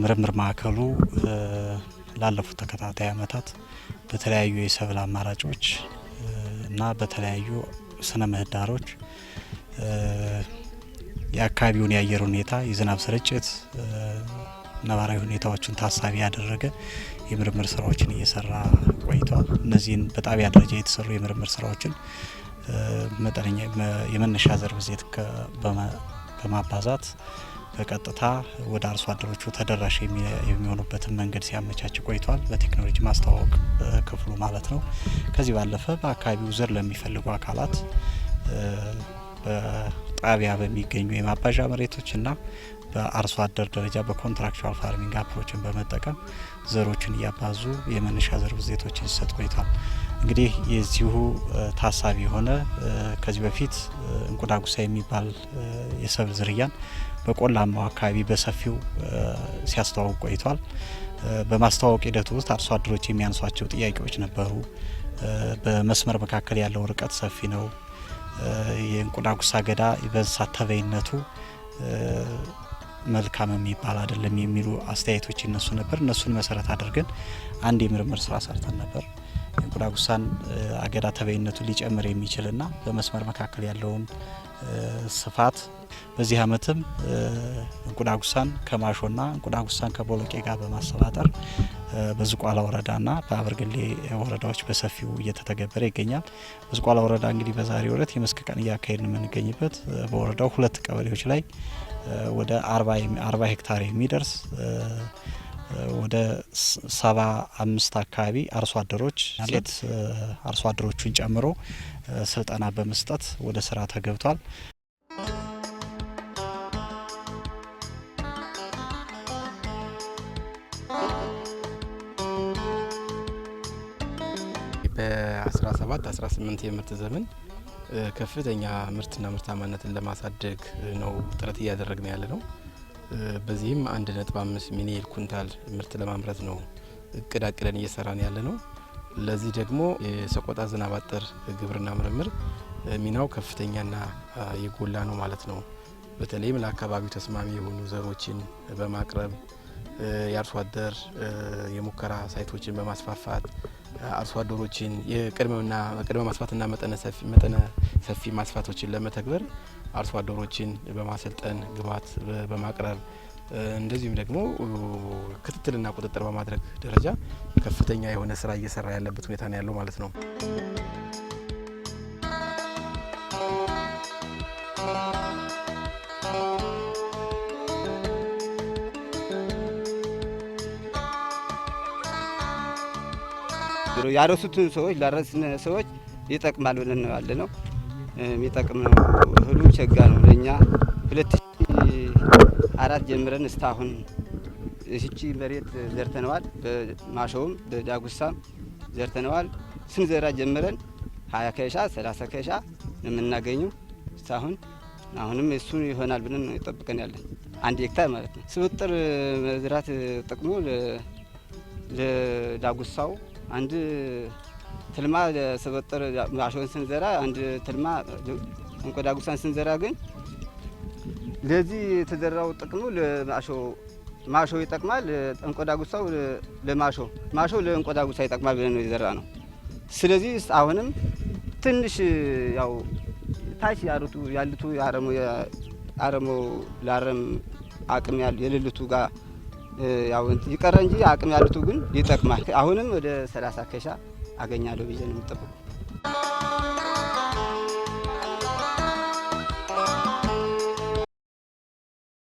ምርምር ማዕከሉ ላለፉት ተከታታይ ዓመታት በተለያዩ የሰብል አማራጮች እና በተለያዩ ስነ ምህዳሮች የአካባቢውን የአየር ሁኔታ፣ የዝናብ ስርጭት፣ ነባራዊ ሁኔታዎችን ታሳቢ ያደረገ የምርምር ስራዎችን እየሰራ ቆይቷል። እነዚህን በጣቢያ ደረጃ የተሰሩ የምርምር ስራዎችን መጠነኛ የመነሻ ዘር ብዜት በማባዛት በቀጥታ ወደ አርሶ አደሮቹ ተደራሽ የሚሆኑበትን መንገድ ሲያመቻች ቆይቷል። በቴክኖሎጂ ማስተዋወቅ ክፍሉ ማለት ነው። ከዚህ ባለፈ በአካባቢው ዘር ለሚፈልጉ አካላት በጣቢያ በሚገኙ የማባዣ መሬቶች እና በአርሶ አደር ደረጃ በኮንትራክቹዋል ፋርሚንግ አፕሮችን በመጠቀም ዘሮችን እያባዙ የመነሻ ዘር ብዜቶችን ሲሰጥ ቆይቷል። እንግዲህ የዚሁ ታሳቢ የሆነ ከዚህ በፊት እንቁዳጉሳ የሚባል የሰብል ዝርያን በቆላማው አካባቢ በሰፊው ሲያስተዋውቅ ቆይቷል። በማስተዋወቅ ሂደቱ ውስጥ አርሶ አደሮች የሚያነሷቸው ጥያቄዎች ነበሩ። በመስመር መካከል ያለው ርቀት ሰፊ ነው። የእንቁላጉሳ አገዳ በእንስሳት ተበይነቱ መልካም የሚባል አይደለም የሚሉ አስተያየቶች ይነሱ ነበር። እነሱን መሰረት አድርገን አንድ የምርምር ስራ ሰርተን ነበር። የእንቁላጉሳን አገዳ ተበይነቱ ሊጨምር የሚችልና በመስመር መካከል ያለውን ስፋት በዚህ ዓመትም እንቁዳጉሳን ከማሾና እንቁዳጉሳን ከቦሎቄ ጋር በማሰባጠር በዝቋላ ወረዳና በአብርግሌ ወረዳዎች በሰፊው እየተተገበረ ይገኛል። በዝቋላ ወረዳ እንግዲህ በዛሬው ዕለት የመስክ ቀን እያካሄድን የምንገኝበት በወረዳው ሁለት ቀበሌዎች ላይ ወደ አርባ ሄክታር የሚደርስ ወደ ሰባ አምስት አካባቢ አርሶ አደሮች ሴት አርሶ አደሮቹን ጨምሮ ስልጠና በመስጠት ወደ ስራ ተገብቷል። በ17 18 የምርት ዘመን ከፍተኛ ምርትና ምርታማነትን ለማሳደግ ነው ጥረት እያደረግን ያለ ነው። በዚህም 1.5 ሚሊዮን ኩንታል ምርት ለማምረት ነው እቅድ አቅደን እየሰራን ያለ ነው። ለዚህ ደግሞ የሰቆጣ ዝናብ አጠር ግብርና ምርምር ሚናው ከፍተኛና የጎላ ነው ማለት ነው። በተለይም ለአካባቢው ተስማሚ የሆኑ ዘሮችን በማቅረብ የአርሶ አደር የሙከራ ሳይቶችን በማስፋፋት አርሶ አደሮችን የቅድመ ማስፋትና መጠነ ሰፊ ማስፋቶችን ለመተግበር አርሶ አደሮችን በማሰልጠን ግብዓት በማቅረብ እንደዚሁም ደግሞ ክትትልና ቁጥጥር በማድረግ ደረጃ ከፍተኛ የሆነ ስራ እየሰራ ያለበት ሁኔታ ነው ያለው ማለት ነው። ያረሱትን ሰዎች ላረስን ሰዎች ይጠቅማል ብለን ነው ያለ ነው። የሚጠቅም ነው እህሉ ቸጋ ነው ለእኛ ሁለት ሺህ አራት ጀምረን እስካሁን እቺ መሬት ዘርተነዋል። በማሾውም በዳጉሳም ዘርተነዋል። ስንዘራ ጀምረን ሀያ ከሻ ሰላሳ ከሻ የምናገኘው እስካሁን አሁንም እሱ ይሆናል ብለን ጠብቀን ያለን አንድ ሄክታር ማለት ነው። ስብጥር መዝራት ጥቅሙ ለዳጉሳው አንድ ትልማ ስብጥር ማሾን ስንዘራ አንድ ትልማ እንቆ ዳጉሳን ስንዘራ ግን ለዚህ የተዘራው ጥቅሙ ለማሾ ማሾ ይጠቅማል። ጉሳው ለማሾ ማሾ ለእንቆዳ ጉሳ ይጠቅማል ብለን ነው የዘራ ነው። ስለዚህ አሁንም ትንሽ ያው ታች ያሉቱ ያሉቱ አረሞ አረሞ ላረም አቅም ያል የሌሉቱ ጋር ያው ይቀረ እንጂ አቅም ያሉቱ ግን ይጠቅማል። አሁንም ወደ 30 ከሻ አገኛለሁ ብዬ ነው የምጠብቁ